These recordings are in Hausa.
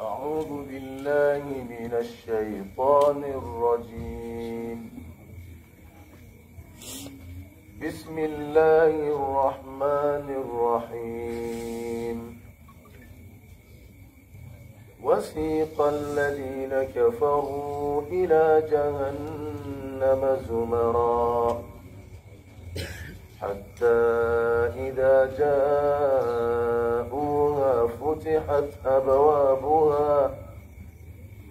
أعوذ بالله من الشيطان الرجيم بسم الله الرحمن الرحيم وسيق الذين كفروا إلى جهنم زمرا حتى إذا جاءوا فتحت أبوابها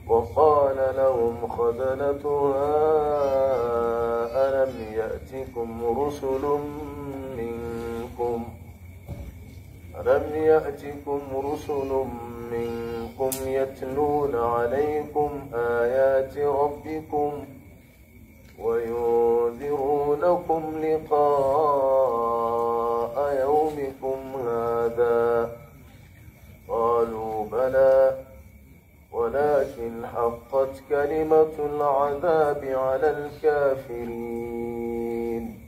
وقال لهم خزنتها ألم يأتكم رسل منكم ألم يأتكم رسل منكم يتلون عليكم آيات ربكم وينذرونكم لقاء تعالى ولكن حقت كلمة العذاب على الكافرين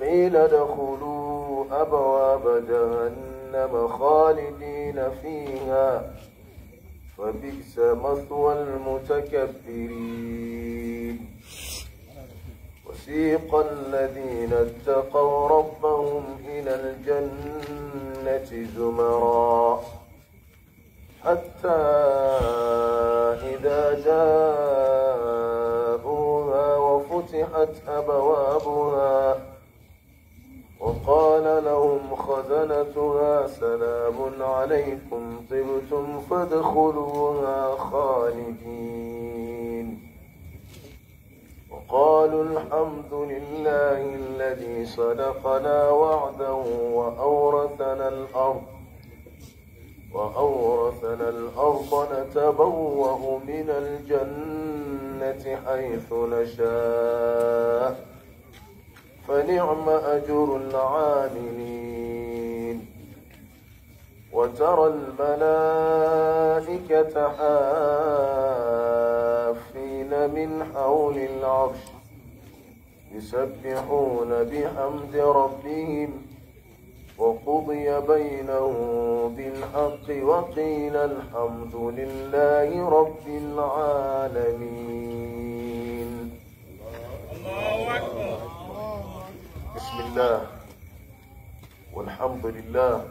قيل ادخلوا أبواب جهنم خالدين فيها فبئس مثوى المتكبرين وسيق الذين اتقوا ربهم إلى الجنة زمرًا حتى إذا جاءوها وفتحت أبوابها وقال لهم خزنتها سلام عليكم طبتم فادخلوها خالدين وقالوا الحمد لله الذي صدقنا وعده وأورثنا الأرض وأورثنا الأرض نتبوأ من الجنة حيث نشاء فنعم أجر العاملين وترى الملائكة حافين من حول العرش يسبحون بحمد ربهم وقضي بينهم بالحق وقيل الحمد لله رب العالمين الله أكبر بسم الله والحمد لله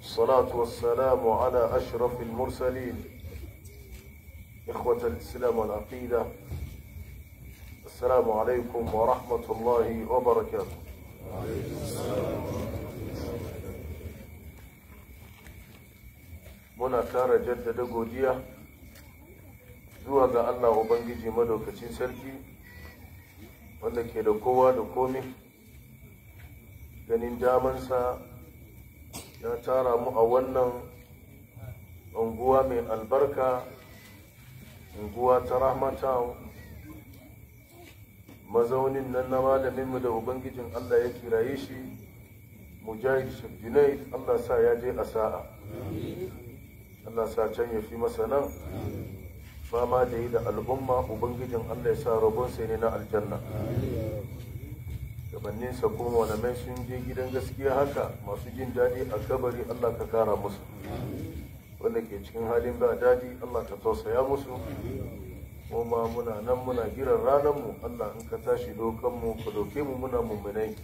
الصلاة والسلام على أشرف المرسلين إخوة الإسلام والعقيدة السلام عليكم ورحمة الله وبركاته muna tara jaddada godiya zuwa ga Allah Ubangiji madaukacin sarki wanda ke da kowa da komi ganin damansa ya tara mu a wannan unguwa mai albarka unguwa ta rahmatan mazaunin nan na malamin mu da ubangijin Allah ya kiraye shi mujahid Shabdinai junaid Allah sa ya je a sa'a Allah sa can ya fi masa nan fama da yi da al'umma ubangijin Allah ya sa rabon sai ne na aljanna gabaninsa ko mai sun je gidan gaskiya haka masu jin daɗi a kabari Allah ka kara musu wanda ke cikin halin ba daɗi Allah ka tausaya musu mu ma muna nan muna jiran ranar mu Allah in ka tashi dokan mu ka doke mu muna mummunai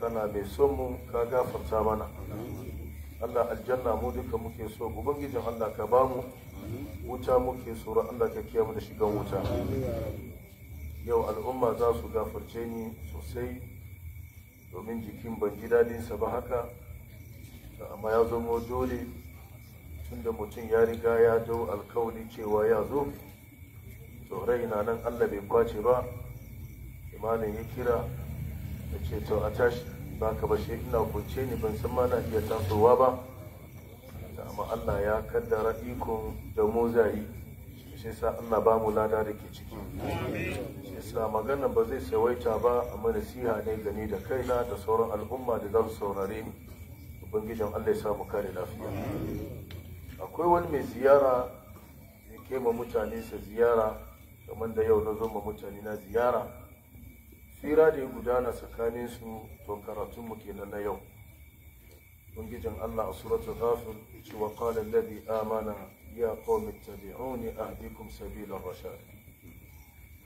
kana mai son mu ka gafarta mana Allah aljanna mu duka muke so ubangijin Allah ka ba mu wuta muke tsoro Allah ka mu da shigan wuta yau al'umma za su gafarce ni sosai domin jikin ban ji dadinsa ba haka amma ya zamo dole tunda mutum ya riga ya dau alkawari cewa ya zo to na nan allah bai kwace ba imanin ya kira da ce to a tashi ba ka bashe ina kunce ni ban san mana iya tasowa ba amma allah ya kaddara ikon da mu zai shi sa allah ba mu lada da ke ciki shi sa magana ba zai sawaita ba amma nasiha ne gani da kaina da sauran al'umma da za su saurare ni ubangijin allah ya samu kare lafiya akwai wani mai ziyara ya kema mutane sa ziyara kamar da yau na zo ma mutane na ziyara tsira da ya gudana tsakanin su to mu kenan na yau ungijin Allah a suratul ghafir ce wa qala alladhi amana ya qawmi ittabi'uni ahdikum sabila rashad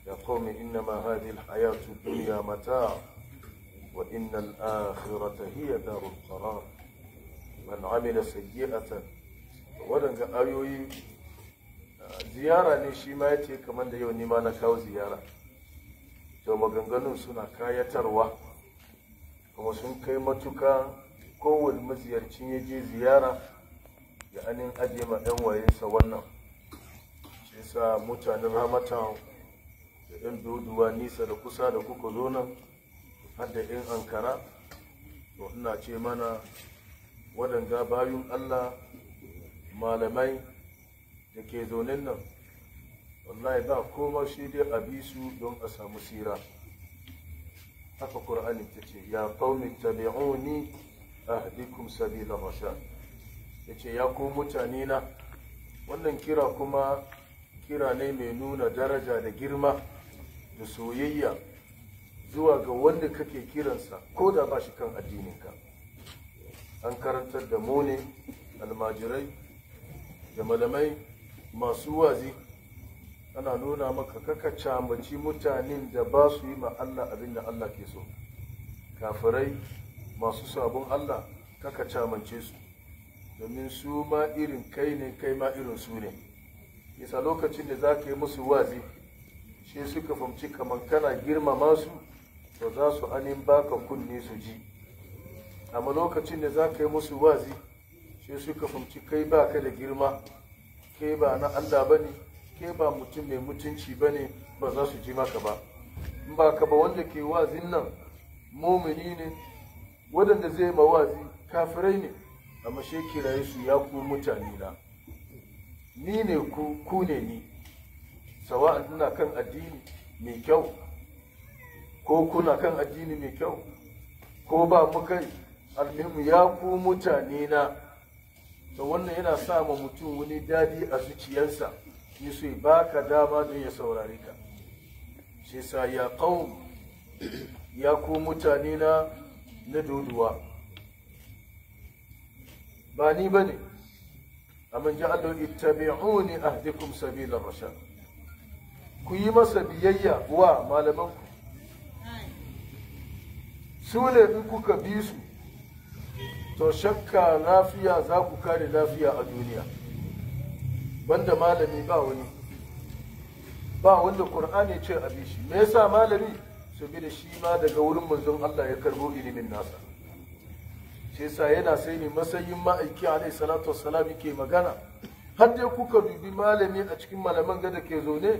ya qaumi innama hadhihi alhayatu dunya mata' wa innal akhirata hiya darul qarar man amila sayyi'atan wadanga ayoyi ziyara ne shi ma ya ce kamar da yau nima na kawo ziyara to maganganun suna kayatarwa kuma sun kai matuka kowane maziyarcin ya je ziyara ya anin aje ma 'yan wayensa wannan shi sa mutanen ramatan da 'yan doduwa nisa da kusa da kuka zo nan har da 'yan ankara to ina ce mana waɗanda bayun allah malamai da ke zonin nan wallahi ba koma shi dai a bi su don a samu sira haka ƙur'ani ta ce ya kaumi tabi'uni ahdikum sabila rashad ya ce ya ku mutane na wannan kira kuma kira ne mai nuna daraja da girma da soyayya zuwa ga wanda kake kiransa ko da ba shi kan addininka an karantar da mu ne almajirai da malamai masu wazi ana nuna maka kaka camaci mutanen da ba su yi ma Allah abin da Allah ke so kafirai masu sabon Allah kaka camance su domin su ma irin kai ne kai ma irin su ne isa lokacin da za ka yi musu wazi shi suka fahimci kamar kana girmama su to za su anin baka kunne su ji amma lokacin da za ka yi musu wazi shi suka fahimci kai baka da girma ke ba na Allah ba ne ke ba mutum mai mutunci ba ne ba za su ji maka ba in ba ka ba wanda ke wazin nan mumini ne waɗanda zai ma wazi kafirai ne amma shi kiraye su ya ku mutane na ni ne ku ku ne ni sawa'an ina kan addini mai kyau ko kuna kan addini mai kyau ko ba mu kai almihimu ya ku mutane na to wannan yana sa ma mutum wani dadi a zuciyarsa yaso ba ka dama don ya saurare ka shi sa ya kawo ya ku mutane na na doduwa ba ni bane amma ji Allah a ahdikum sabilar rashad ku yi masa biyayya wa malamanku su ne in kuka bi su to shakka lafiya za ku kare lafiya a duniya banda malami ba wani ba wanda ya ce a shi me yasa malami saboda shi ma daga wurin manzon Allah ya karbo ilimin nasa shi yasa yana sai ne masayin ma'aiki alaihi salatu wassalam yake magana har dai kuka dubi malami a cikin malaman gada ke zaune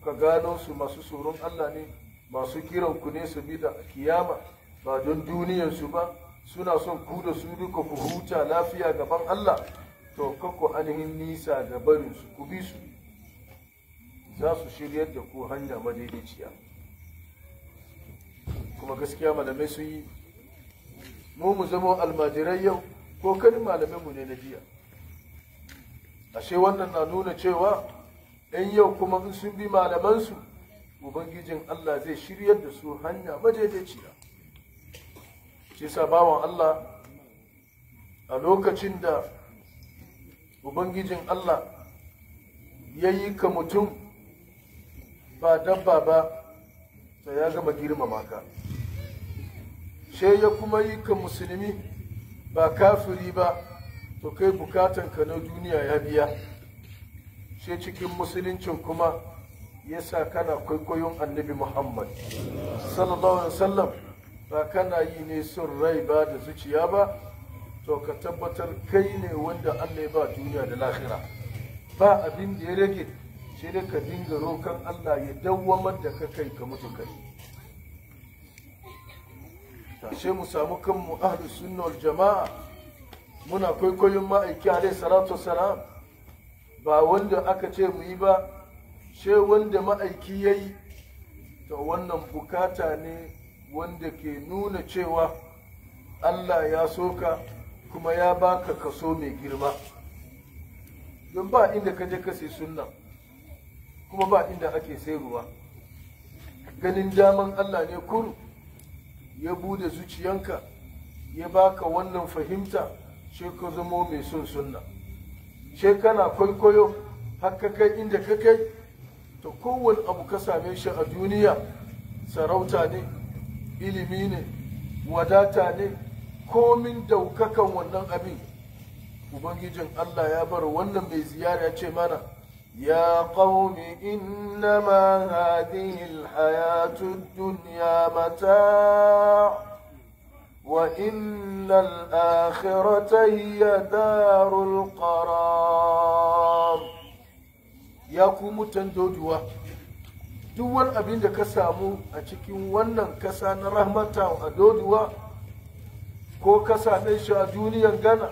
kuka gano su masu tsoron Allah ne masu kiran ku ne saboda kiyama ba don duniyarsu ba suna son ku da su duka ku huta lafiya gaban Allah to kakku ainihin nisa da barin su ku bi su za su shiryar da ku hanya madaidaiciya kuma gaskiya malamai su yi mu mu zama almajirai yau ko kani malamai mu ne na jiya ashe wannan na nuna cewa ɗan yau kuma in sun bi malamansu ubangijin Allah zai shiryar da su hanya madaidaiciya shi sabawan Allah a lokacin da ubangijin Allah ya yi ka mutum ba dabba ba ta ya gama girmama ka she ya kuma yi ka musulmi ba kafiri ba to kai bukatanka na duniya ya biya she cikin musuluncin kuma ya sa kana kwaikwayon annabi muhammad sallallahu alaihi wasallam ba kana yi ne son rai ba da zuciya ba to ka tabbatar kai ne wanda Allah ya ba duniya da lahira ba abin da ya rage shi ne ka dinga rokan Allah ya dawwamar da ka kai ka mutu kai tashe mu samu kanmu ahlus wal jama'a muna kwaikwayon ma'aiki alaihi salatu salam ba wanda aka ce mu yi ba sai wanda ma'aiki yayi to wannan bukata ne wanda ke nuna cewa Allah ya soka kuma ya baka kaso mai girma don ba inda ka je ka sunna kuma ba inda ake sayarwa ganin daman Allah ne kuru ya bude zuciyanka ya baka wannan fahimta sai ka zamo mai sun sunna ka kana kwaikwayo har kai inda ka kai ta kowane abu ka same shi a duniya sarauta ne ilimi ne wadata ne komin daukakan wannan abin ubangijin Allah ya bar wannan bai ziyara ya ce mana يا قوم إنما هذه الحياة الدنيا متاع وإن الآخرة هي دار القرار يا قوم تندودوا duk wani abin da ka samu a cikin wannan kasa na rahmata a doduwa ko ka same shi a duniyan ghana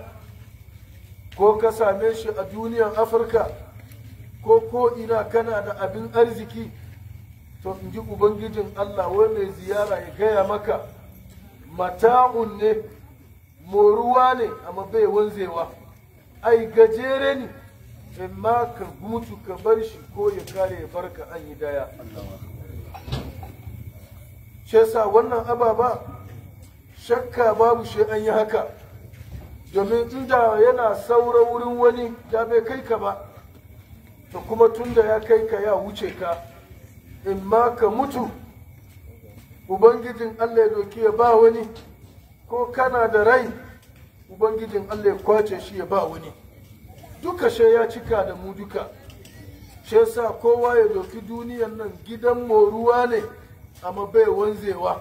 ko ka same shi a duniyan afirka ko ko ina kana da abin arziki to in ji ubangijin allah wai mai ziyara ya gaya maka mata'un ne moruwa ne amma bai wanzewa ai gajere ne Imma ka mutu ka bar shi ko ya kare ya barka an yi daya shi yasa wannan ababa shakka babu shi an yi haka domin inda yana saura wurin wani da bai kai ka ba to kuma tunda ya kai ka ya wuce ka in ma ka mutu ubangijin allah ya doki ya ba wani ko kana da rai ubangijin allah ya kwace shi ya ba wani duka shi ya cika da mu duka shi yasa kowa ya doki duniyan nan gidan moruwa ne amma bai wanzewa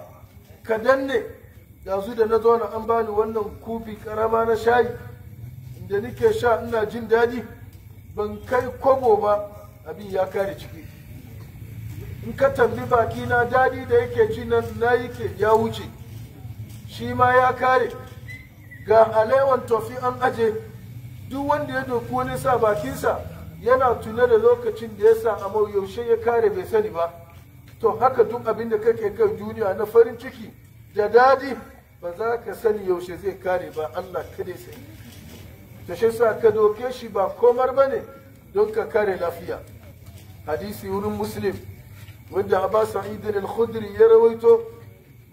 kadan ne yanzu da na zauna an bani wannan kubi karama na shayi inda nike sha ina jin daɗi ban kai kobo ba abin ya kare ciki in ka tambi baki na daɗi da yake ci nan na yake ya wuce shi ma ya kare ga alewan tofi an aje duk wanda ya doki wani sa bakinsa yana tuna da lokacin da ya sa yaushe ya kare bai sani ba to haka duk abin da kake kan duniya na farin ciki da dadi ba za ka sani yaushe zai kare ba Allah kada sai ta shi sa ka doke shi ba komar ba ne don ka kare lafiya hadisi wurin muslim wanda Abbas Sa'id al-Khudri ya rawaito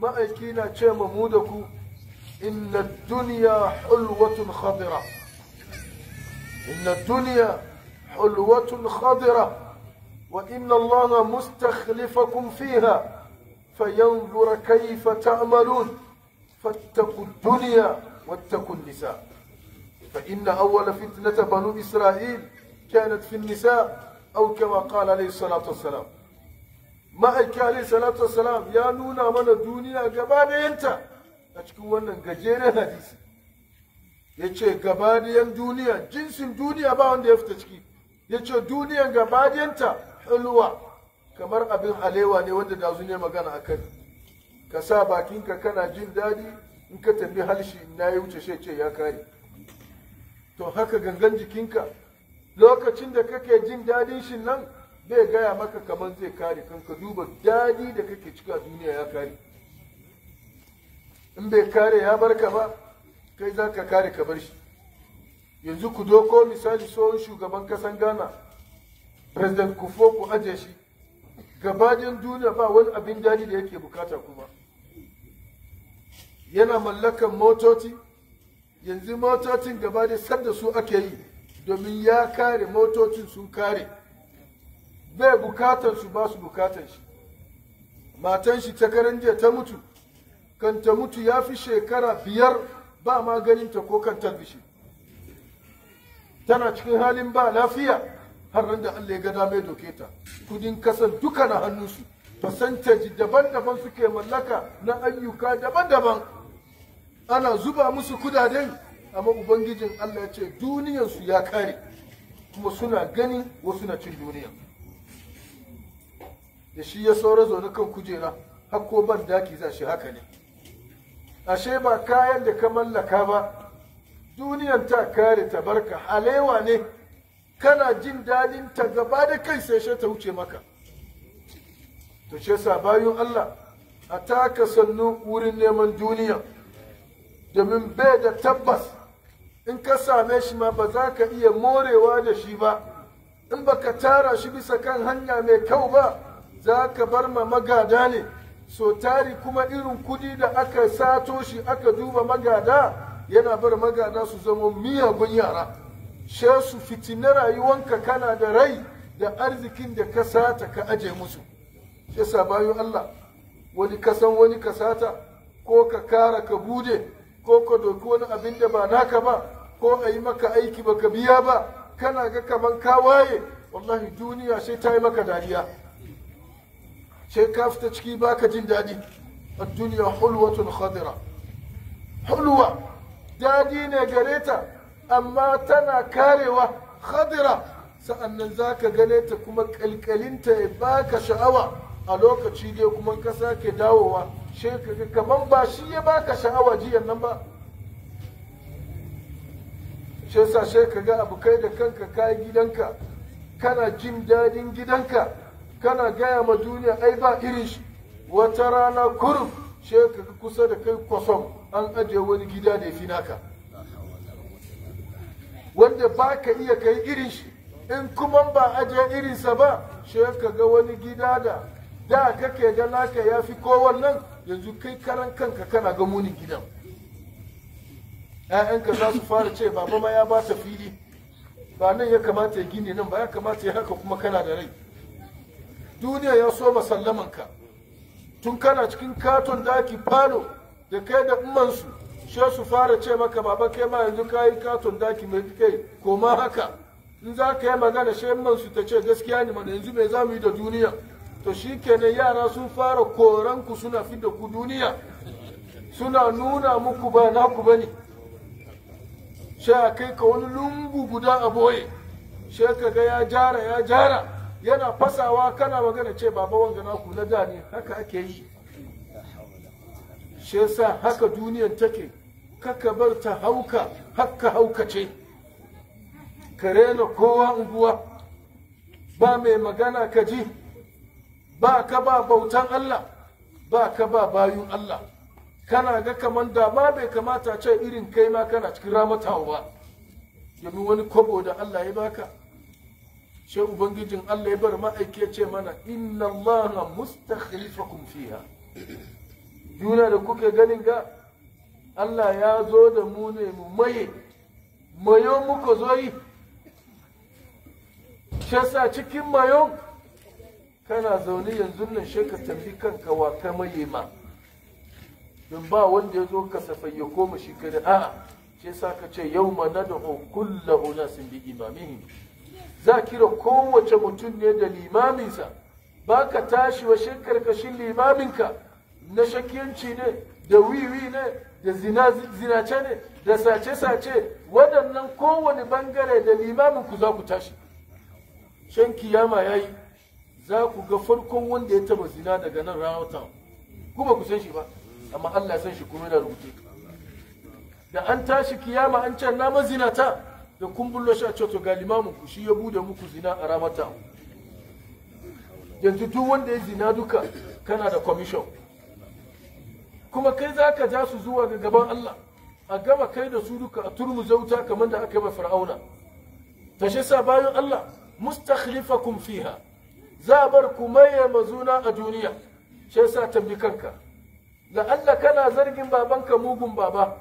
ma'aiki na ce mu da ku inna dunya hulwatun khadira إن الدنيا حلوة خضرة وإن الله مستخلفكم فيها فينظر كيف تعملون فاتقوا الدنيا واتقوا النساء فإن أول فتنة بنو إسرائيل كانت في النساء أو كما قال عليه الصلاة والسلام ما أيك عليه الصلاة والسلام يا نونا من الدنيا جبان أنت أتكون جيرة حديث ya ce gabadiyan duniya jinsin duniya ba wanda ya fita ciki ya ce duniyan gabadiyanta ulwa kamar abin alewa ne wanda da ne magana a kai ka sa bakinka kana jin daɗi in ka tafi halshi na yi wuce shi ce ya kare to haka gangan jikinka lokacin da kake jin daɗin shi nan bai gaya maka kamar zai kare kanka duba daɗi da kake cika duniya ya kare in bai kare ya barka ba kai za ka kare ka bar shi yanzu ku doko misali tsohon shugaban kasan ghana president kufo ku ajiye shi gabajin duniya ba wani abin daɗi da yake bukata kuma yana mallakan motoci yanzu motocin gaba da sar da su ake yi domin ya kare motocin sun kare bai bukatan su ba su bukatar shi matan shi ta karanje ta mutu kan ta mutu ya fi shekara biyar ba ma ganin ta ko kan talbishi tana cikin halin ba lafiya har ran da Allah ya ga dame doke ta kudin kasan duka na hannunsu fasantaji daban-daban suke mallaka na ayyuka daban-daban ana zuba musu kudaden amma ubangijin Allah ya ce su ya kare kuma suna gani wasu na cin duniya da shi ya saura zaune kan kujera har ko ban daki za shi haka ne ashe ba kayan da ka mallaka ba duniyan ta kare ta barka halewa ne kana jin daɗin ta gaba da kai sai she ta wuce maka to she sa bayan Allah a taka sannu wurin neman duniya domin bai da tabbas in ka same shi ma ba za ka iya morewa da shi ba in baka tara shi bisa kan hanya mai kyau ba za ka bar ma magada ne so tari kuma irin kudi da aka sato shi aka duba magada yana bar magada su zama miyagun yara she su fitinar rayuwanka kana da rai da arzikin da ka sata ka aje musu shi sa bayu Allah wani kasan wani ka sata ko ka kara ka bude ko ka doki wani abin da ba naka ba ko a yi maka aiki baka biya ba kana ga kaman ka waye wallahi duniya sai ta yi maka dariya sai ka fita ciki baka jin daɗi a duniya hulwatun khadira hulwa daɗi ne gare ta amma tana karewa khadira sa'annan za ka gane ta kuma ƙalƙalinta ya baka sha'awa a lokaci dai kuma ka sake dawowa shekaru kamar ba shi ya baka sha'awa jiyan nan ba shi yasa sai ka ga abu kai da kanka kayi gidanka kana jin daɗin gidanka kana gaya ma duniya ai ba irin shi wata rana kurum she ka kusa da kai kwasom an ajiye wani gida da fi naka wanda ba ka iya kai irin shi in kuma ba ajiye irinsa ba she ka ga wani gida da da kake ga naka ya fi kowannan yanzu kai karan kanka kana ga munin gidan ‘ya'yanka za su fara ce baba ma ya ba ta fili ba nan ya kamata ya gini nan ba ya kamata ya haka kuma kana da rai duniya ya so sallamanka tun kana cikin katon daki falo da kai da ummansu she su fara ce maka baba kai ma yanzu ka katon daki mai kai ko ma haka in za ka yi magana she ummansu ta ce gaskiya ne mana yanzu mai za mu yi da duniya to shi kenan yara sun fara koran ku suna fidda ku duniya suna nuna muku ba naku ba ne shi a kai ka wani lungu guda a boye shi ka ga ya jara ya jara yana fasawa kana magana ce baba wanga na na da ne haka ake yi shi yasa haka duniyar take kaka bar ta hauka haka hauka ce ka rena kowa unguwa ba mai magana ka ji ba ka ba bautan Allah ba ka ba bayun Allah kana ga kaman da ma bai kamata ce irin kai ma kana cikin ramatawa ba domin wani kwabo da Allah ya baka sai ubangijin Allah ya bar ma'aiki ya ce mana inna Allah mustakhlifakum fiha juna da kuke ganin ga Allah ya zo da mu ne mu maye mayo muka zo yi sa cikin mayo? kana zaune yanzu nan shi ka tafi kanka wa ka maye ma don ba wanda ya zo kasafai ya koma shi kada a'a shi sa ka ce yau ma na da kulla sun bi imamihim za kira kowace mutum ne da limaminsa ba ka tashi wa karkashin limaminka na shakiyanci ne da wiwi ne da zinace ne da sace-sace waɗannan kowane bangare da limamin ku za ku tashi shan kiyama ya yi za ku ga farkon wanda ya taba zina daga nan rahoton ku ba ku san shi ba amma Allah ya san shi kuma yana rubuce da an tashi kiyama an can na mazinata da kun bullo shi a ce ga limamin shi ya bude muku zina a ramata yanzu duk wanda ya zina duka kana da commission kuma kai za ka ja su zuwa ga gaban Allah a gama kai da su duka a turmu zauta kamar da aka yi wa fir'auna ta shi sa bayan Allah mustakhlifakum fiha za a bar ku maye mazuna a duniya shi sa tambi kanka la'alla kana zargin babanka mugun baba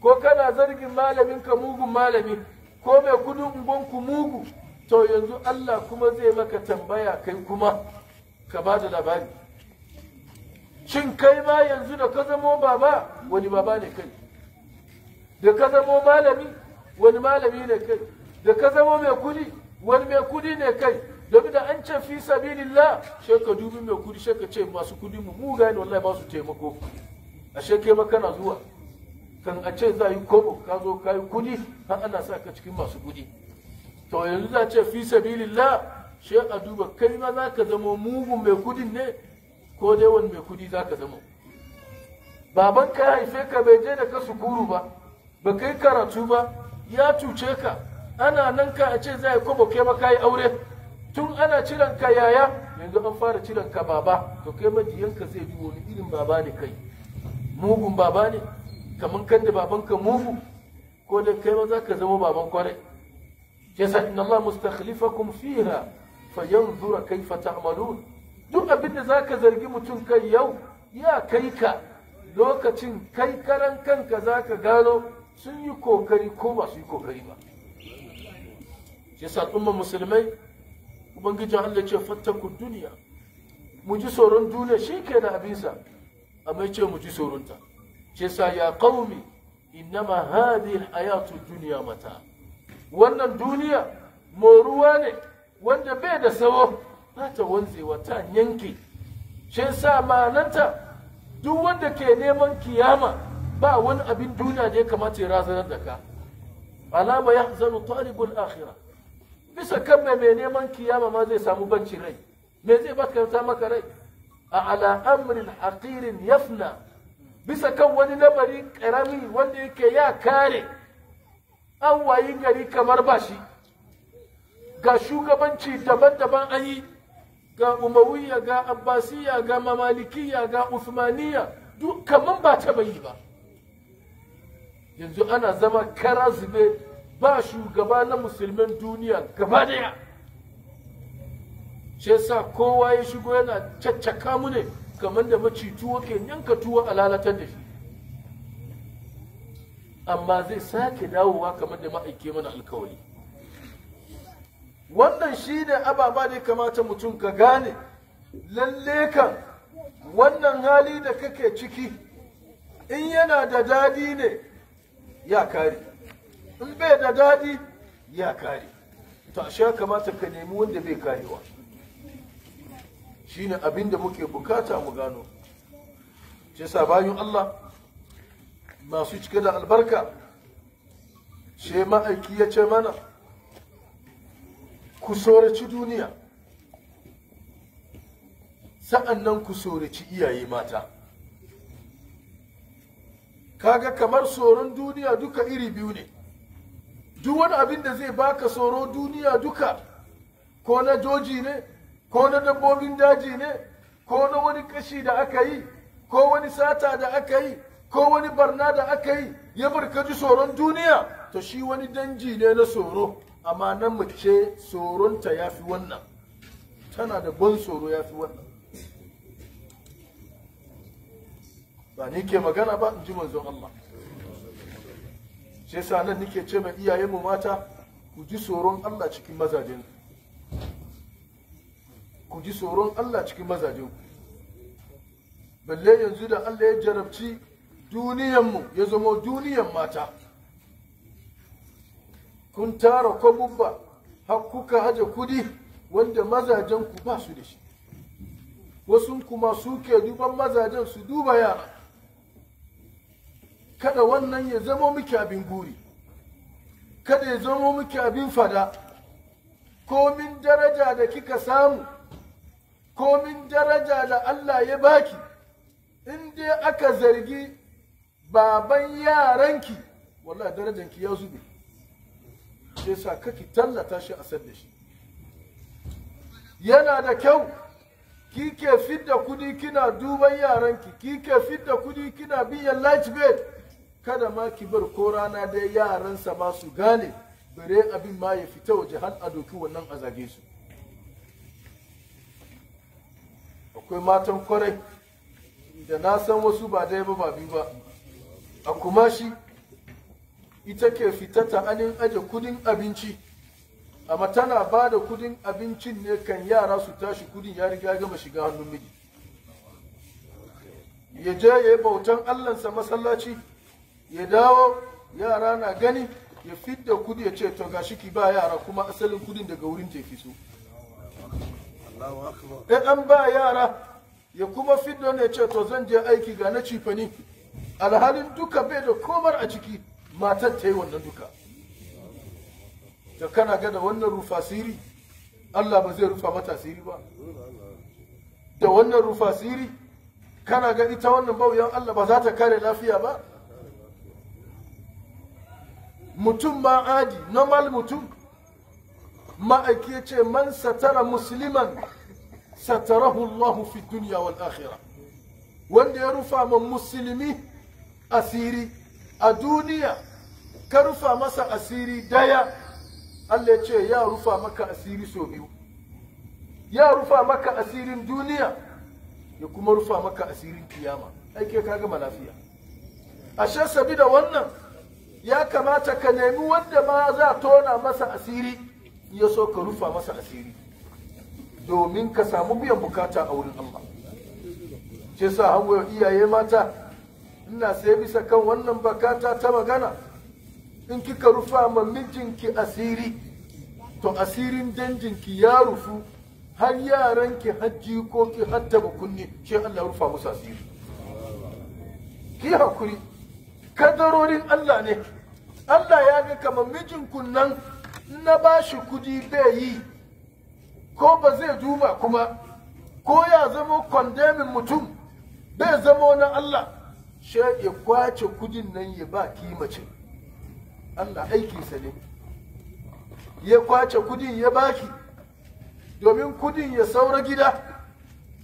ko kana zargin malaminka mugun malami ko mai gudun ku mugu to yanzu Allah kuma zai maka tambaya kai kuma ka ba da labari shin kai ma yanzu da ka zamo baba wani baba ne kai da ka zamo malami wani malami ne kai da ka zamo mai kudi wani mai kudi ne kai domin da an ce fi sabilillah sai ka dubi mai kudi sai ka ce masu kudi mu mu wallahi ba su taimako ashe kai ma kana zuwa kan a ce za yi kobo ka zo ka yi kudi har ana sa ka cikin masu kudi to yanzu za ce fi sabilillah shi a duba kai ma za ka zama mugun mai kudin ne ko dai wani mai kudi za ka zama baban ka haife ka bai je da ka sukuru ba ba kai karatu ba ya cuce ka ana nan ka a ce za yi kobo kai ma ka yi aure tun ana ciran ka yaya yanzu an fara ciran ka baba to kai madiyanka zai bi wani irin baba ne kai mugun baba ne kamar kan da babanka mugu ko da kai ma za ka zama baban kwarai ya sa inna Allah mustakhlifakum fiha fayanzura kaifa ta'malun duk abin da za ka zargi mutum kai yau ya kai ka lokacin kai karan kanka za ka gano sun yi kokari ko ba su yi kokari ba ya sa al'ummar musulmai ubangijin Allah ce fattaku duniya mu ji tsoron duniya shi ke da abinsa amma ya ce mu ji tsoronta shi ya qaumi innama hadhihi hayatu duniya mata wannan duniya moruwa ne wanda bai da sawo ba ta wanzewa ta yanke shi sa mananta duk wanda ke neman kiyama ba wani abin duniya da ya kamata ya razanar da ka alama ya zanu talibul akhira bisa kan mai mai neman kiyama ma zai samu banci rai me zai bakanta maka rai a ala amrin haqirin yafna bisa kan wani labari karami wanda yake ya kare an wayi gari kamar ba shi ga shugabanci daban-daban an yi ga umawiya ga abbasiya ga mamalikiya ga usmaniya duk kamar ba ta bayi ba yanzu ana zama kara zube ba shugaba na musulmin duniya gaba daya shi yasa kowa ya shigo yana caccaka mu ne kamar da maci tuwo ke yanka tuwo a lalatar da shi amma zai sake dawowa kamar da ma'aike mana alkawari wannan shi ne ababa ne kamata mutum ka gane lalle kan wannan hali da kake ciki in yana da dadi ne ya kare in bai da dadi ya kare to ashe kamata ka nemi wanda bai karewa shine abin da muke bukata mu gano shi sa bayan Allah masu cike da albarka sai ma'aiki ya ce mana ku soraci duniya sa'annan ku soraci iyaye mata kaga kamar soron duniya duka iri biyu ne duk wani abin da zai baka soro duniya duka ko na joji ne ko na dabbobin daji ne ko na wani kashi da aka yi ko wani sata da aka yi ko wani barna da aka yi ya barkaji tsoron duniya to shi wani danji ne na tsoro amma nan mace tsoronta ya fi wannan tana da ban tsoro ya fi wannan ba ni ke magana ba in ji manzon Allah shi yasa nan nike ce mai iyayenmu mata ku ji tsoron Allah cikin mazajen ku ji tsoron Allah cikin mazajen ku balle yanzu da Allah ya jarabci duniyanmu ya zama duniyan mata kun tara kwabubba har kuka haje kudi wanda mazajen ku ba su da shi wasu kuma suke duban mazajen su duba yara kada wannan ya zama miki abin guri kada ya zama miki abin fada komin daraja da kika samu komin daraja da Allah ya baki in dai aka zargi baban yaranki wallahi darajanki ya zube sai sa kake tallata shi a sadda shi yana da kyau kike fidda kudi kina duban yaranki kike fidda kudi kina biyan light bill kada ma ki bar ko rana dai yaransa ma su gane bare abin ma ya fita waje har a doki wannan a zage su akwai matan kwarai da na san wasu ba daya ba ba biyu ba a kumashi ita ke fitata anin aje kudin abinci amma tana ba da kudin abincin ne kan yara su tashi kudin ya riga gama shiga hannun miji ya je ya yi bautan allansa masallaci ya dawo yara na gani ya fidda kudi ya ce to gashi ki ba yara kuma asalin kudin daga wurin tefi su Eh an ba yara ya kuma fidda ne ce to zan je aiki ga na cifani alhalin duka bai da komar a ciki matar ta yi wannan duka da kana ga da wannan rufa siri Allah ba zai rufa mata siri ba da wannan rufa siri kana ga ita wannan bauyan Allah ba za ta kare lafiya ba mutum ma adi normal mutum ma'aiki ya ce man satara musliman satarahu Allah fi duniya wal akhirah wanda ya rufa ma musulmi asiri a duniya ka rufa masa asiri daya Allah ya ce ya rufa maka asiri so biyu ya rufa maka asirin duniya ya kuma rufa maka asirin kiyama aike ka gama lafiya ashe sabida wannan ya kamata ka nemi wanda ma za tona masa asiri ya so ka rufa masa asiri domin ka samu biyan bukata a wurin Allah ce sa hango iyaye mata ina sai bisa kan wannan bukata ta magana in kika rufa ma mijinki asiri to asirin danjinki ya rufu har yaran ki hajji ko ki hatta kunni ce Allah rufa musu asiri ki hakuri kadarorin Allah ne Allah ya ga kamar mijinku nan na ba shi kudi bai yi ko ba zai duba kuma ko ya zama kwandemin mutum bai zama na Allah shi ya kwace kudin nan ya ba kimace Allah aikinsa ne ya kwace kudin ya baki domin kudin ya saura gida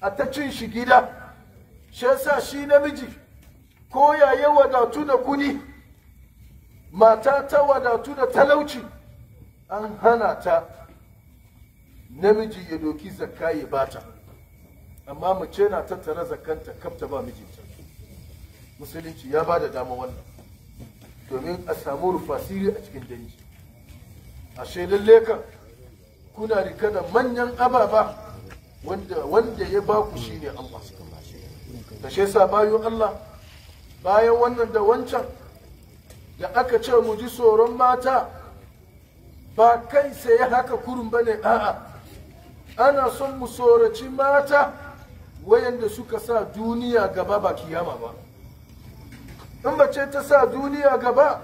a ta cin shi gida shi sa shi namiji ko ya yi wadatu da kuni mata ta wadatu da talauci an hana ta namiji ya doki zakka ya bata amma mace na tattara zakkanta kafta ba mijinta musulunci ya ba da dama wannan domin a samu rufasiri a cikin danji ashe lalle kan kuna rika da manyan ababa wanda ya ba ku shine Allah da shi sa bayo Allah bayan wannan da wancan da aka ce mu ji tsoron mata ba kai sai haka kurun ba ne a'a ana son mu soraci mata wayanda suka sa duniya gaba ba kiyama ba in mace ta sa duniya gaba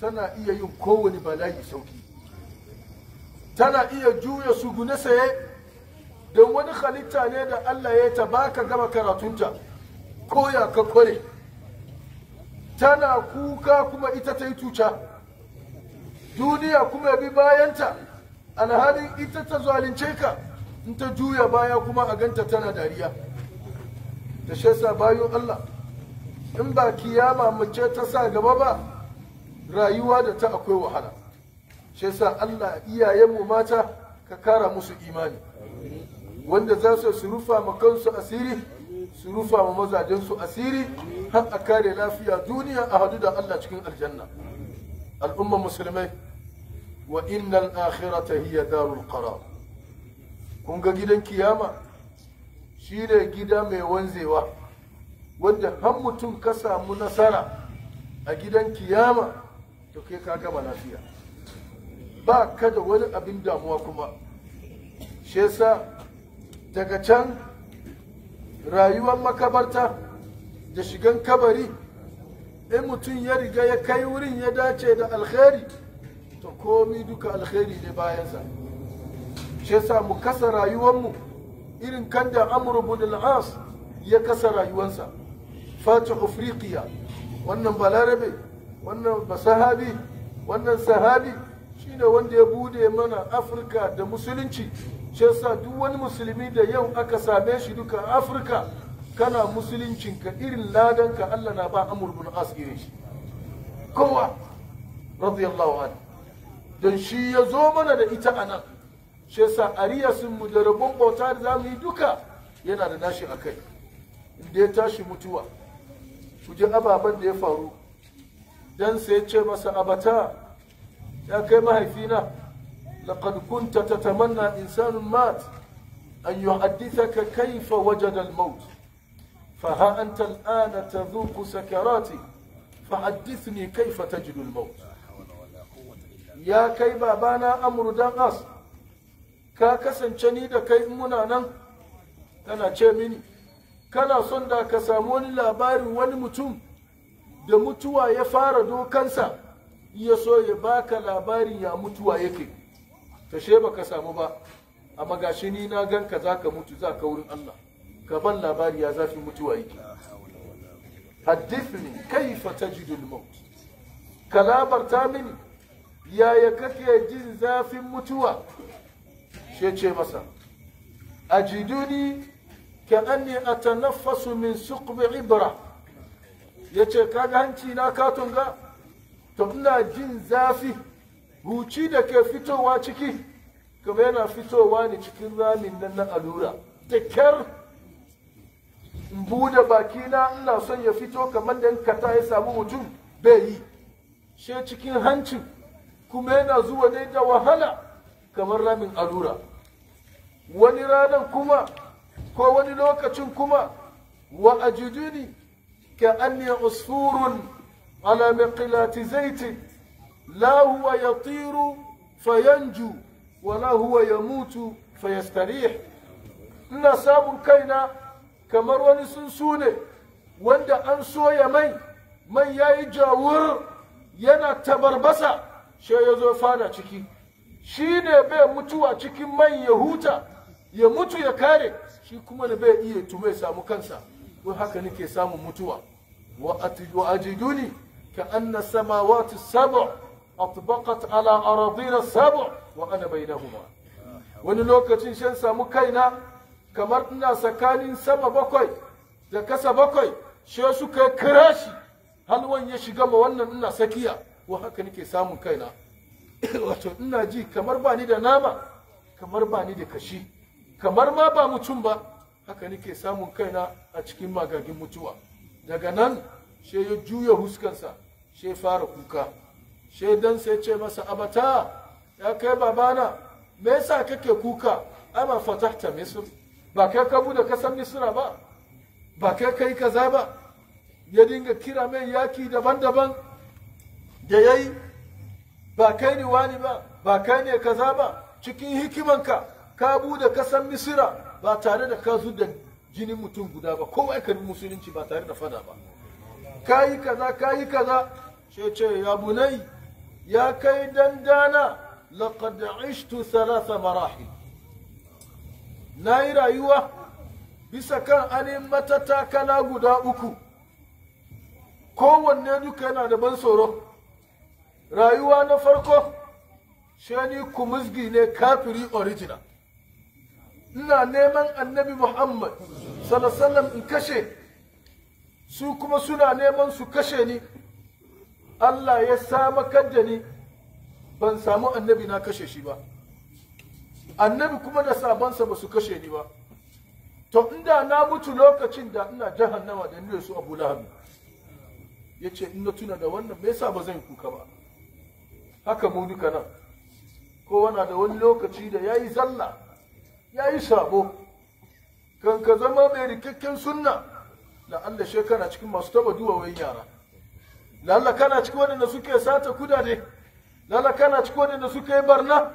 tana iya yin kowane bala'i sauki tana iya juya gune saye don wani halitta ne da Allah ya ta baka gama karatunta koya ka kware tana kuka kuma ita ta yi tuca. duniya kuma bi bayanta alhalin ita ta zalunce ka in ta juya baya kuma a ganta tana dariya da shi sa bayan Allah in ba kiyama mace ta sa gaba ba rayuwa da ta akwai wahala shi sa Allah iyayenmu mata ka kara musu imani wanda za su rufa ma kansu asiri su rufa ma mazajensu asiri har a kare lafiya duniya a hadu da Allah cikin aljanna Al'umma musulmai wa akhira ta hiya darul qarar kun ga gidan kiyama shine gida mai wanzewa wanda har mutum ka samu nasara a gidan kiyama to kai ka gama lafiya ba ka da wani abin damuwa kuma shi yasa daga can rayuwar makabarta da shigan kabari in mutum ya riga ya kai wurin ya dace da alkhairi to komi duka alkhairi ne bayansa shi yasa mu kasa rayuwarmu irin kan da amru bin al-as ya kasa rayuwarsa fatihu afriqiya wannan balarabe wannan basahabi wannan sahabi shine wanda ya bude mana afirka da musulunci shi yasa duk wani musulmi da yau aka same shi duka afirka kana musuluncinka irin ladanka allah na ba amur bin as irin shi kowa radiyallahu anhu don shi ya zo mana da ita a nan shi yasa ariyasinmu da rabon bauta da za mu yi duka yana da nashi a kai inda ya tashi mutuwa ku ji ababen da ya faru dan sai ya ce masa abata ya kai mahaifina laqad kunta tatamanna insanun mat an yuhaddithaka kayfa wajada al-maut فها أنت الآن تذوق سكراتي فحدثني كيف تجد الموت ya kai babana amru dan as ka kasance ni da kai muna nan tana ce mini kana son da ka samu wani labarin wani mutum da mutuwa ya fara dokansa ya so ya baka labarin ya mutuwa yake tashe baka samu ba amma gashi ni na ganka zaka mutu zaka wurin Allah ka ban labari ya zafi mutuwa yake haddithni kaifa tajidul maut Ka labarta mini yaya kake jin zafin mutuwa shi ce masa ajiduni ka anni atanaffasu min suqbi ibra yace kaga hanci na katunga to ina jin zafi huci da ke fitowa ciki kuma yana fitowa ne cikin ramin nan na alura da kyar baki bakina ina son ya fito kamar da kata ya samu mutum bai yi she cikin hancin kuma yana zuwa ne da wahala kamar ramin alura wani ranar kuma ko wani lokacin kuma wa ajiduni ka anni usfurun ala miqlati zaitin la huwa yatiru fayanju wala huwa yamutu fayastarih ina samun kaina kamar wani sunsu ne wanda an soya mai mai yayi jawur yana tabarbasa she ya zo fada ciki shi ne bai mutuwa cikin mai yahuta ya mutu ya kare shi kuma ne bai iya tume samu kansa ko haka nake samu mutuwa wa ajiduni ka anna samawati sab'u atbaqat ala aradina sab'u wa ana bainahuma wani lokacin shan samu kaina kamar ina tsakanin sama bakwai da kasa bakwai shi suka kira shi halwan ya shiga ma wannan ina sakiya ko haka nake samun kaina wato ina ji kamar ba ni da nama kamar ba ni da kashi kamar ma ba mutum ba haka nake samun kaina a cikin magagin mutuwa daga nan she ya juya huskansa she fara kuka she dan sai ce masa abata ya kai babana me yasa kake kuka ama fatahta misr ba kai ka bude kasan misra ba ba kai kai kaza ba ya dinga kira mai yaki daban-daban da ya yi ba kai ne wani ba ba kai ne kaza ba cikin hikimanka ka bude kasan misira ba tare da ka da jinin mutum guda ba Ko ya karbi musulunci ba tare da fada ba ka yi kaza ka yi kaza ce ce ya bunai ya kai dandana laqad ishtu thalatha marahil na yi rayuwa bisa kan anin matatakala guda uku kowanne duka yana da ban tsoro rayuwa na farko shani kumuzgi ne kafiri original ina neman annabi muhammad sallallahu in kashe su kuma suna neman su kashe ni allah ya samakar da ni ban samu annabi na kashe shi ba annabi kuma da sabansa ba su kashe ni ba to inda na mutu lokacin da ina jahannama da ni da su abu lahabi ya ce in na tuna da wannan me yasa ba zan kuka ba haka mu duka nan kowa na da wani lokaci da ya yi zalla ya yi sabo kan ka zama mai rikakken sunna Allah she kana cikin masu taba duwawan yara la'alla kana cikin wadanda suke sata kudade la'alla kana cikin wadanda suke yi barna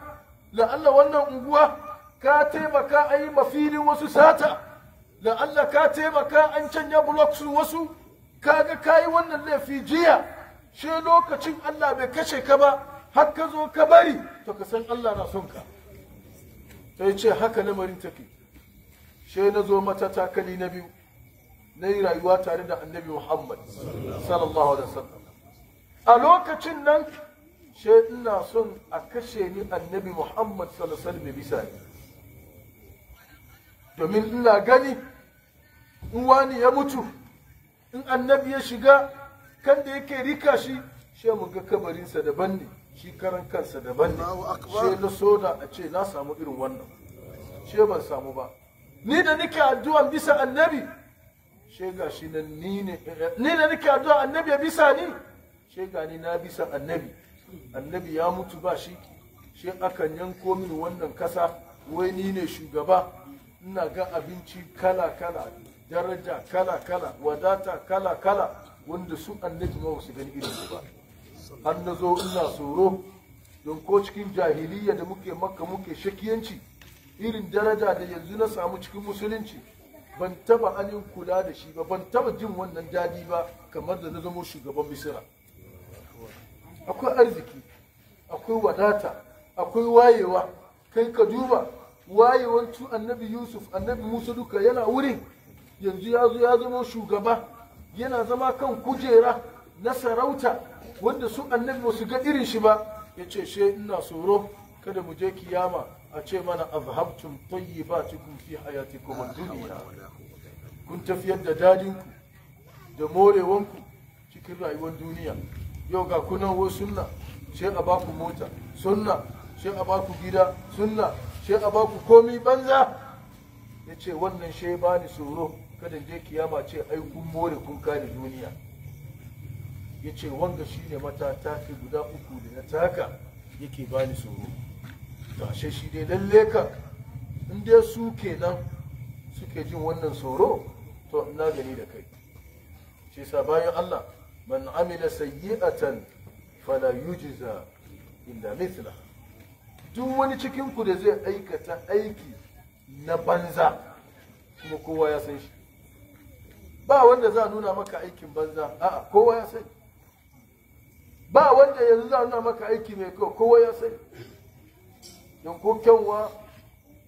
la'alla wannan unguwa ka taimaka a yi mafilin wasu sata la'alla ka taimaka an canja blok su wasu kaga kayi wannan laifi jiya she lokacin Allah bai kashe ka ba har ka zo ka bari to ka san Allah na son ka sai ce haka lamarin take she na zo mata takali na biyu na yi rayuwa tare da annabi Muhammad sallallahu alaihi wasallam a lokacin nan she ina son a kashe ni annabi Muhammad sallallahu alaihi wasallam bisa ni domin ina gani in wani ya mutu in annabi ya shiga kan da yake rika shi shi mun ga kabarinsa daban ne shi karan kansa daban ne shi na soda a ce na samu irin wannan shi ban samu ba ni da nike addu'a bisa annabi shi ga shi na ni ne ni da nike addu'a annabi ya bisa ni shi ga ni na bisa annabi annabi ya mutu ba shi shi akan yanko min wannan kasa wai ni ne shugaba ina ga abinci kala kala daraja kala kala wadata kala kala wanda su annabi ma su gani irin ba har na zo ina tsoro don ko cikin jahiliya da muke makka muke shakiyanci irin daraja da yanzu na samu cikin musulunci ban taba anin kula da shi ba ban taba jin wannan dadi ba kamar da na zamo shugaban misira akwai arziki akwai wadata akwai wayewa kai ka duba wayewar tu annabi yusuf annabi musa duka yana wurin yanzu ya zo ya zama shugaba yana zama kan kujera na sarauta wanda su annabi ba su ga irin shi ba ya ce she ina tsoro kada mu je kiyama a ce mana azhabtum tayyibatikum fi hayatikum ad-dunya kun tafiyar da dadin ku da morewanku cikin rayuwar duniya yau ga kunan wo sunna she a baku mota sunna she a baku gida sunna she a baku komi banza ya ce wannan she bani tsoro kada je kiyama ce ai kun more kun kare duniya ya ce wanga shi ne matataki guda uku da na taka yake bani tsoro to shi dai lalle ka in dai su kenan suke jin wannan tsoro to ina gani da kai shi sa bayan Allah man amila sayyi'atan fala yujza inda mithla duk wani cikin ku da zai aikata aiki na banza kuma kowa ya san shi ba wanda za a nuna maka aikin banza a'a kowa ya shi ba wanda yanzu za nuna maka aiki mai kyau kowa ya sai, don ko kyanwa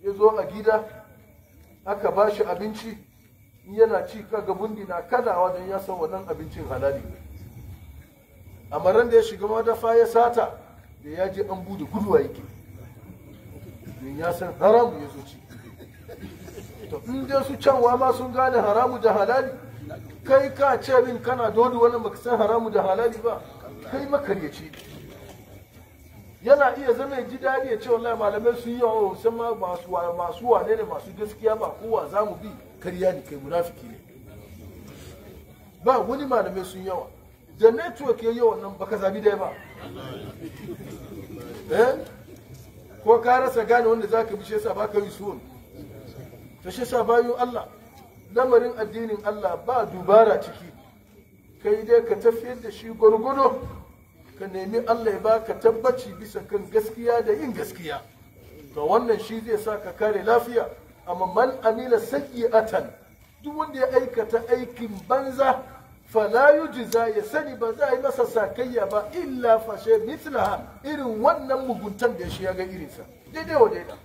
ya zo a gida aka ba shi abinci in yana ci ga bundi na kadawa don ya san wannan abincin halali A ran da ya shiga madafa ya sata da ya je an bude guduwa yake don ya san haramu ya zo ci to in dai su canwa ma sun gane haramu da halali kai ka ce min kana dole wani baka san haramu da halali ba kai makaryaci yana iya zama ji dadi ya ce wallahi malamai su yi yawa sun ma masu masu wane ne masu gaskiya ba kowa za bi karya ne kai munafiki ne ba wani malamai sun yawa da network ya yawan nan baka zabi dai ba eh ko ka rasa gane wanda zaka ka bi shi yasa ba ka yi ta shi yasa bayu Allah lamarin addinin Allah ba dubara ciki kai dai ka tafiyar da shi gwargwado ka nemi Allah ya baka tabbaci bisa kan gaskiya da yin gaskiya to wannan shi zai sa ka kare lafiya amma man amila atan duk wanda ya aikata aikin banza fala yujza ya sani ba za a yi masa sakayya ba illa fashe mitlaha irin wannan muguntan da shi ya ga irinsa daidai wa daidai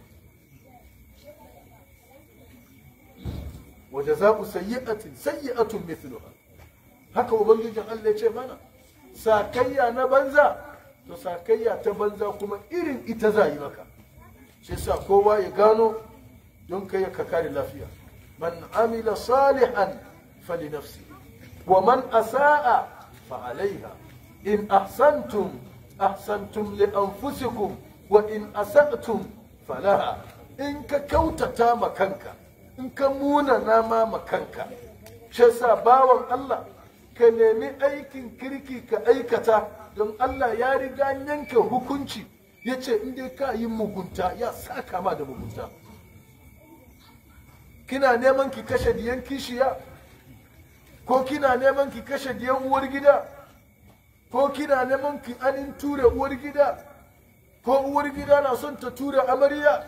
wa sayyi'atin sayyi'atun mithluha haka ubangijin Allah ya ce mana sakayya na banza to sakayya ta banza kuma irin ita za yi maka shi sa kowa ya gano don kai ka kare lafiya man amila salihan fali nafsi wa man asa'a fa alaiha in ahsantum ahsantum li anfusikum wa in asa'tum falaha in ka kautata ma kanka in ka munana ma kanka shi sa bawan Allah ka nemi aikin kirki ka aikata don Allah ya riga yanke hukunci ya ce inda ka yi mugunta ya sa kama da mugunta kina neman ki kashe diyan kishiya ko kina neman ki kashe diyan uwar gida ko kina neman ki anin ture uwar gida ko uwar gida na son ta ture amarya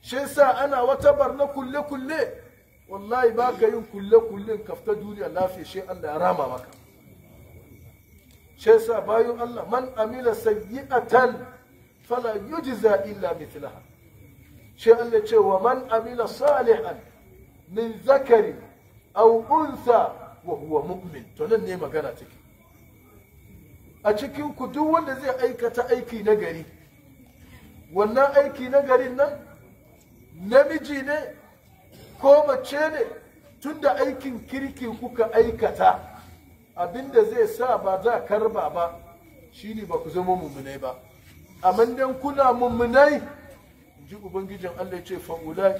shi yasa ana wata barna kulle-kulle wallahi ba ka yin kulle-kullen kafta duniya lafiya shi Allah ya rama maka shi yasa bayan Allah man amila sayyi'atan fala yujza illa mithlaha shi Allah ce wa man amila salihan min zakari aw untha wa huwa mu'min to nan ne magana take a cikin ku duk wanda zai aikata aiki na gari wannan aiki na garin nan namiji ne ko mace ne tun da aikin kirki kuka aikata abinda zai sa ba za karba ba shine ba ku zama mummunai ba amma dan kuna mummunai ji ubangijin Allah ce fa da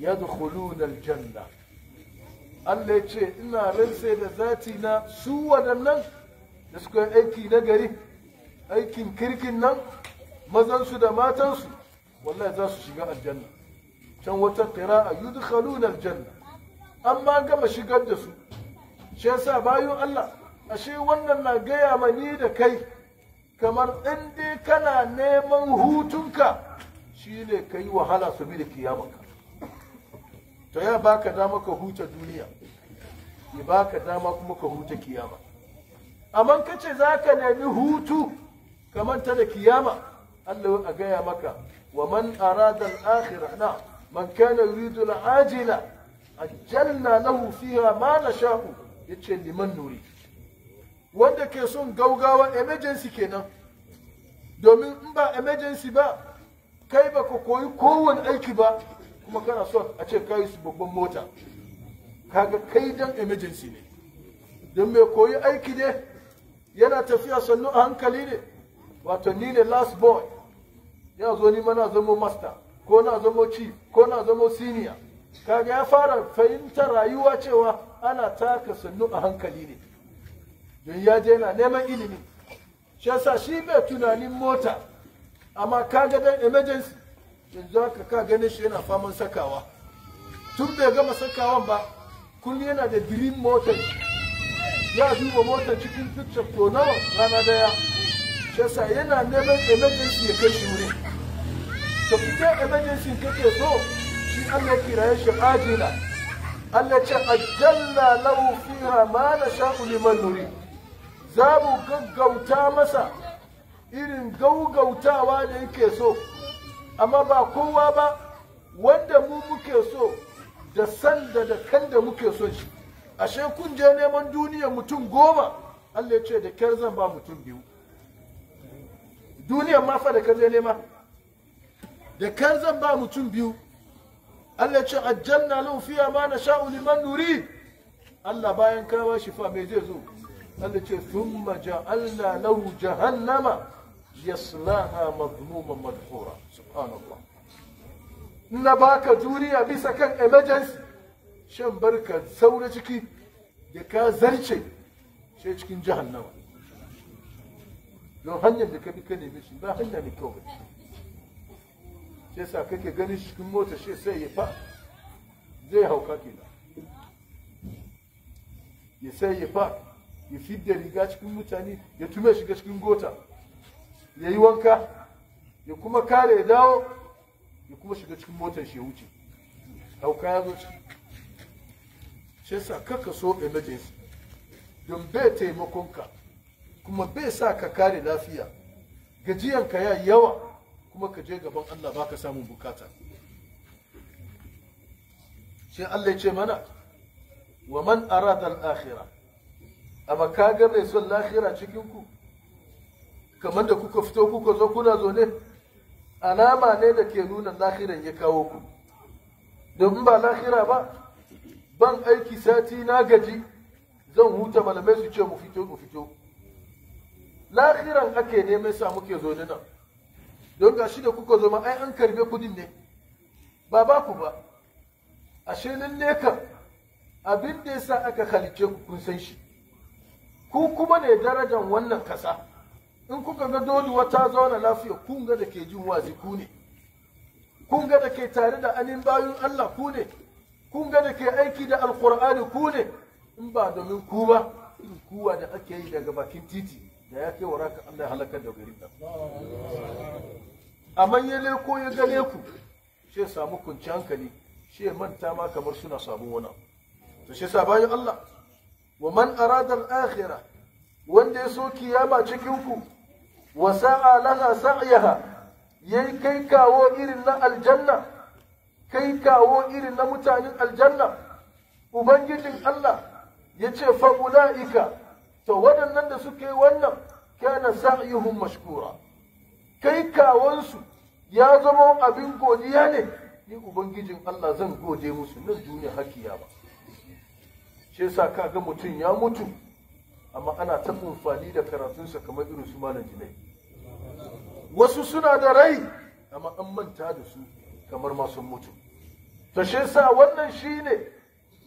yadkhuluna aljanna Allah ce ina rantse da zati na su waɗannan da suka yi aiki na gari aikin kirkin nan mazansu da matansu wallahi za su shiga aljanna can wata qira'a yudkhaluna aljanna amma gama shigar da su shi yasa bayan Allah ashe wannan na gaya mani da kai kamar in dai kana neman hutunka shine kai wahala su bi da kiyamarka to ya baka dama ka huta duniya ya baka dama kuma ka huta kiyama amma za ka nemi hutu kamar ta da kiyama Allah a gaya maka wa man arada al-akhirah na man kana yuridu al-ajila ajjalna lahu na ma nasha'u yace liman nuri wanda ke son gaugawa emergency kenan domin in ba emergency ba kai ba ka koyi kowane aiki ba kuma kana son a ce kai su babban mota kaga kai dan emergency ne don mai koyi aiki ne yana tafiya sannu a hankali ne wato ni ne last boy ya zo ni mana zama master ko na zamo ci ko na zamo siniya kaga ya fara fahimtar rayuwa cewa ana taka sannu a hankali ne don ya je na neman ilimi shi yasa shi bai tunanin mota amma kaga dan emergency yanzu haka ka ganin shi yana faman sakawa tun bai gama sakawan ba kullum yana da dream motar ya duba motar cikin picture to nawa rana daya shi yasa yana neman emergency ya kai shi wuri to idan emergency kake so shi Allah kira shi ajila Allah ce ajalla lahu fiha ma sha'u liman nuri za mu gaggauta masa irin gaugautawa da yake so amma ba kowa ba wanda mu muke so da sanda da kan da muke so shi ashe kun je neman duniya mutum goma Allah ya ce da kyar zan ba mutum biyu duniyar ma fa da kaje nema da kan zan ba mutum biyu Allah ce ajjalna lahu fiya ma nasha'u liman nuri Allah bayan ka ba shi fa me zai zo Allah ce thumma ja'alna lahu jahannama yaslaha madhmuman madhura subhanallah na baka juriya bisa kan emergency shan barka saura ciki da ka zarce sai cikin jahannama don hanyar da ka bi ka neme shi ba hanya mai kyau ba shi yasa kake ganin shi cikin mota shi sai ya fa zai hauka kenan ya sai ya fa ya fidda riga cikin mutane ya tume shiga cikin gota ya yi wanka ya kuma kare ya dawo ya kuma shiga cikin motar shi ya wuce hauka ya zo ciki shi yasa kaka so emergency don bai taimakonka kuma bai sa ka kare lafiya gajiyanka ya yawa kuma ka je gaban Allah ka samun bukata shi Allah ya ce mana wa man arada al-akhirah amma ka ga mai son lahira cikin ku kamar da kuka fito kuka zo kuna zo ne alama ne da ke nuna lahiran ya kawo ku domin ba lahira ba ban aiki sati na gaji zan huta malamai su ce mu fito mu fito lahiran ake neman sa muke zo nan don ga shi da kuka zama ai an karbe kudin ne ba ba ku ba ashe lalle kan abin da yasa aka halice ku kun san shi ku kuma ne darajar wannan kasa in kuka ga dole ta zauna lafiya kun ga da ke jin wazi ku ne kun ga da ke tare da anin bayun Allah ku ne kun ga da ke aiki da alkur'ani ku ne in ba domin ku ba kuwa da ake yi daga bakin titi da ya kai waraka Allah ya halakar da garin nan amma ya leko ya gare ku shi ya samu kunci hankali shi ya manta ma kamar suna samu wani to shi sa bayan Allah wa man aradar al wanda ya so kiyama cikin ku wa sa'a laha sa'yaha yayi kai kawo irin na aljanna kai kawo irin na mutanen aljanna ubangijin Allah yace fa ulaika to waɗannan da suke wannan kana ihun mashkura kai kawansu ya zama abin godiya ne ni ubangijin Allah zan gode musu nan duniya hakiya ba shi yasa ga mutum ya mutu amma ana ta amfani da karatunsa kamar irin su malam jinai wasu suna da rai amma an manta da su kamar masu mutu to shi yasa wannan shine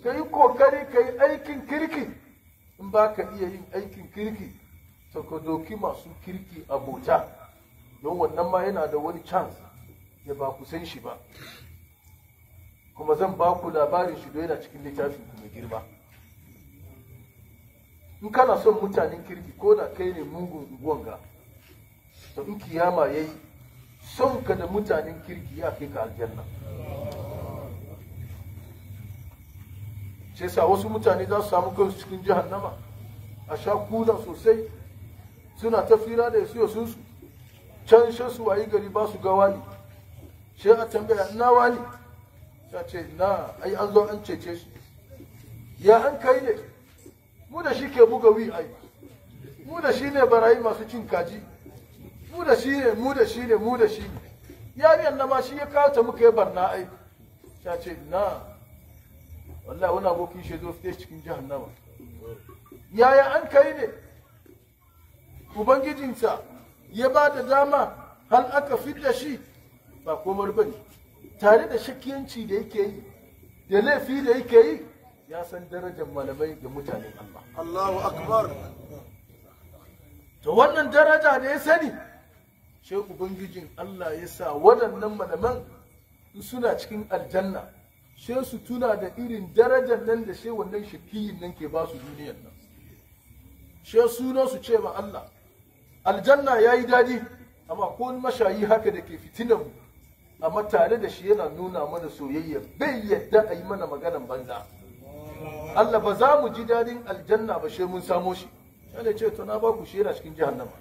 kai kokari kai aikin kirki in ba ka iya yin aikin kirki to ka doki masu kirki abota don wannan ma yana da wani chance ya ba ku san shi ba kuma zan ba ku labarin shi da yana cikin littafin kuma girma in kana son mutanen kirki ko da kai ne mugun ga? to in kiyama yayi son ka da mutanen kirki ya kai ka aljanna shi yasa wasu mutane za su samu kansu cikin jahannama a sha kuna sosai suna ta fira da yasu yasu su can shi su wayi gari ba su ga wani shi a tambaya ina wani ta ce na ai an zo an cece shi ya an kai ne mu da shi ke buga wi ai mu da shi ne barayi masu cin kaji mu da shi ne mu da shi ne mu da shi ne yariyar na ma shi ya kawo ta muka yi barna ai ta ce na wallahi wani abokin shi zo fita cikin jahannama yaya an kai ne ubangijinsa ya ba da dama har aka fidda shi ba komar bane tare da shakiyanci da yake yi da laifi da yake yi ya san darajar malamai da mutanen Allah Allahu akbar to wannan daraja da ya sani sai ubangijin Allah ya sa waɗannan malaman suna cikin aljanna she su tuna da irin darajar nan da she wannan shakiyin nan ke ba su duniyar nan she suna su ce ma Allah aljanna yayi dadi amma ko mashayi haka da ke fitinan mu amma tare da shi yana nuna mana soyayya bai yadda a yi mana maganan banza Allah ba za mu ji dadin aljanna ba she mun samo shi sai ce to na ba ku shi yana cikin jahannama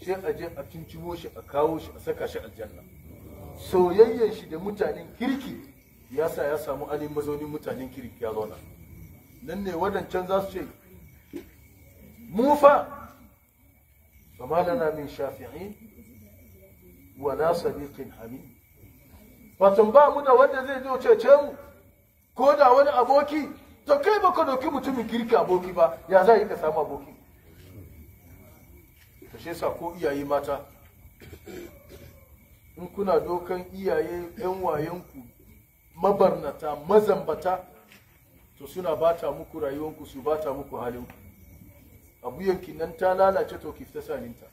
she a je a tuntubo shi a kawo shi a saka shi aljanna soyayyen shi da mutanen kirki ya sa ya samu alin mazaunin mutanen kirki ya zauna nan ne wadancan za su ce mu fa ma lana min shafi'in wa la sadiqin hamid fatan ba mu da wanda zai zo cece mu ko da wani aboki to kai ba ka doki mutumin kirki aboki ba ya za yi ka samu aboki ta shi sa ko iyaye mata in kuna dokan iyaye yan wayenku mabarnata mazambata to suna bata muku rayuwanku su bata muku halinku abuyanki nan ta lalace to ki fita saninta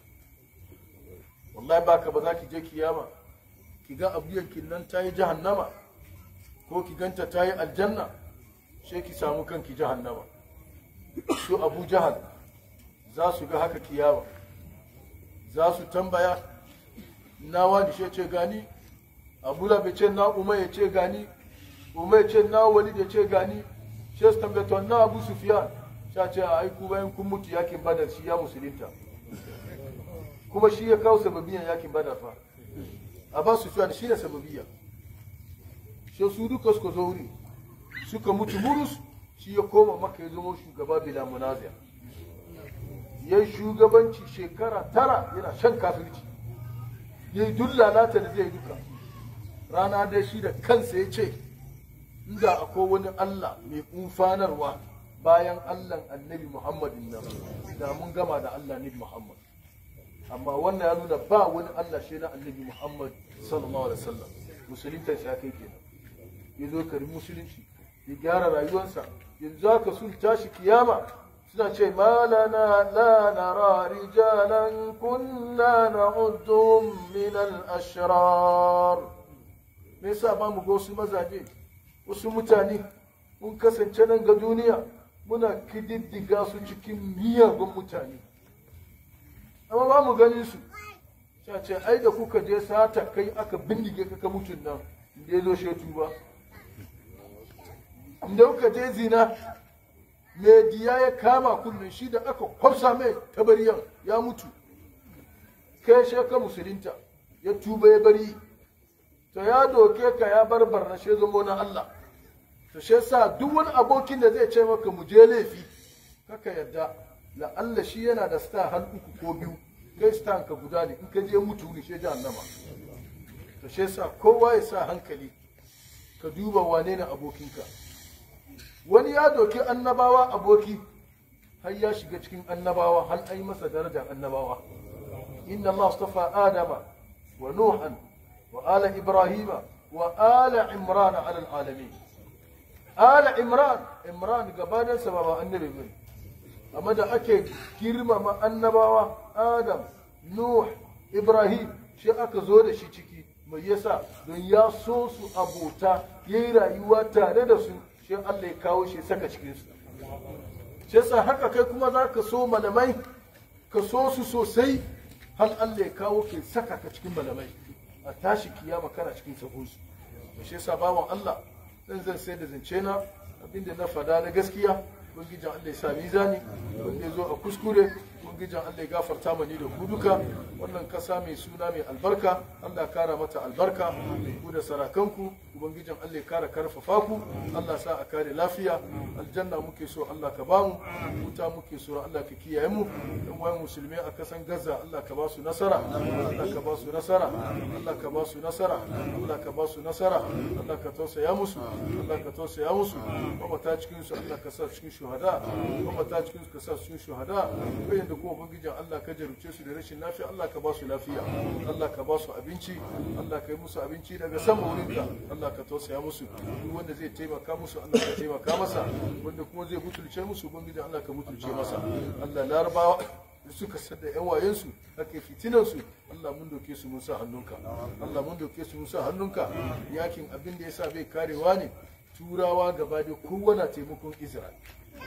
wallahi baka ba za ki je kiyama ki ga abuyanki nan ta yi jahannama ko ki ganta ta yi aljanna sai ki samu kanki jahannama su abu jahal za su ga haka kiyama za su tambaya nawa wani ce gani abu bai ce na umar ya ce gani umar ya ce na walid ya ce gani shi su tambaya to na abu sufiyan sha ce a aiku bayan kun mutu yakin badar shi ya musulunta kuma shi ya kawo sababiyan yakin badar fa abu sufiyan shi ne sababiyan shi su duka suka zo wuri suka mutu murus shi ya koma maka ya zama shugaba bila munaziya ya shugabanci shekara tara yana shan kafirci ya yi duk da zai duka rana dai shi da kansa ya ce inda akwai wani Allah mai umfanarwa bayan Allah annabi Muhammadin nan da mun gama da Allah ne Muhammad amma wannan ya nuna ba wani Allah shi na annabi Muhammad sallallahu alaihi wasallam musulunta shi kai kenan ya zo kari musulunci ya gyara rayuwarsa yanzu haka sun tashi kiyama suna ce malana la nara rijalan kunna na'udduhum min al-ashrar me yasa ba mu ga wasu mazaje wasu mutane mun kasance nan ga duniya muna kididdiga su cikin miyagun mutane amma ba mu ganin su cace ai da kuka je sata kai aka bindige ka mutun nan da ya zo shetu ba da kuka je zina Me diya ya kama kunnen shi da aka kwamsa mai tabariyan ya mutu kai sheka musulunta ya tuba ya bari to ya doke ka ya bar barnashe zumo na Allah to shi yasa duk wani abokin da zai ce maka mu je laifi kaka yadda la Allah shi yana da star har uku ko biyu kai star ka guda ne in ka je mutu ne shi jahannama to shi yasa kowa ya sa hankali ka duba wane ne abokinka wani ya doke annabawa aboki har ya shiga cikin annabawa har ai masa darajar annabawa inna ma astafa adama wa nuhan وآل إبراهيم وآل عمران على العالمين آل عمران عمران قبانا سبب النبي من أما دا أكيد كرمة ما النبوة آدم نوح إبراهيم شيء أكزور شيء شي ما يسا دون ياسوس أبو تا يرى يواتا ندسو شيء الله يكاو شيء سكا تشكينسو شيء sa haka kai kuma za ka so malamai ka so su sosai har Allah ya kawo ke saka ka a tashi kiyama kana cikin sahunsu da shi yasa bawan Allah zan zan sai da zance na abinda na fada na gaskiya ubangijin Allah ya sa mizani wanda ya zo a kuskure ubangijin Allah ya gafarta mani da ku duka wannan kasa mai suna mai albarka Allah ya kara mata albarka ku da sarakanku ubangijin Allah ya kara karfafa ku Allah sa a kare lafiya aljanna muke so Allah ka bamu wuta muke so Allah ka kiyaye mu dan wayan musulmi a kasan Gaza Allah ka ba su nasara Allah ka ba su nasara Allah ka ba su nasara Allah ka ba su nasara Allah ka tausaya musu Allah ka tausaya musu mabata cikin su Allah ka sa cikin shuhada mabata cikin su ka sa cikin shuhada bayan da kuma ubangijin Allah ka jarumce su da rashin lafiya Allah ka ba su lafiya Allah ka ba su abinci Allah ka yi musu abinci daga sama wurinka Allah Allah ka tausaya musu duk wanda zai taimaka musu Allah ka taimaka masa wanda kuma zai mutulce musu ubangiji Allah ka mutulce masa Allah larabawa suka sadda yan wayensu ake fitinansu Allah mun doke su mun sa hannunka Allah mun doke su mun sa hannunka yakin abin da yasa bai karewa ne turawa gaba da kowana taimakon Isra'il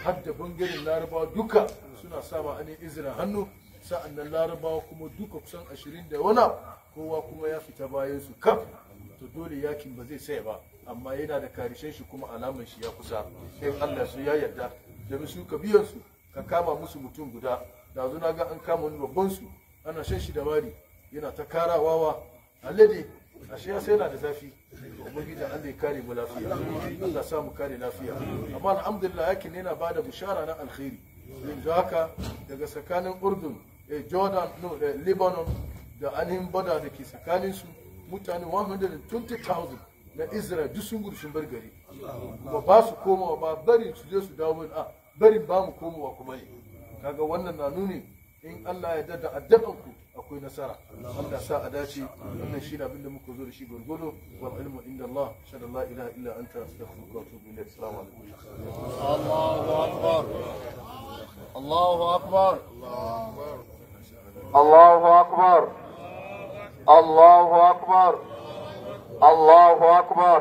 har da bangaren larabawa duka suna sama ne Isra'il hannu sa'annan larabawa kuma duka kusan ashirin da wana kowa kuma ya fita bayan su kaf to dole yakin ba zai saya ba amma yana da karishe shi kuma alaman shi ya kusa in Allah su ya yarda da musu ka su ka kama musu mutum guda da na ga an kama wani babban su ana shan shi da mari yana ta kara wawa alade ashe ya sai yana da zafi ubangiji Allah ya kare mu lafiya Allah sa mu kare lafiya amma alhamdulillah yakin yana bada bushara na alkhairi yanzu haka daga tsakanin Urdun eh, Jordan no eh, Lebanon da ainihin bada da ke tsakaninsu su mutane 120,000 na Israel duk sun gudu sun bar gari ba ba su komawa ba bari su je su dawo a bari ba mu komawa kuma ne kaga wannan na nuni in Allah ya dada addaban ku akwai nasara Allah sa a dace wannan shi ne abinda muka zo da shi gurgudu wal ilmu inda Allah sallallahu ilaha illa anta astaghfiruka wa atubu ilayk assalamu alaikum Allahu akbar Allahu akbar Allahu akbar الله أكبر الله أكبر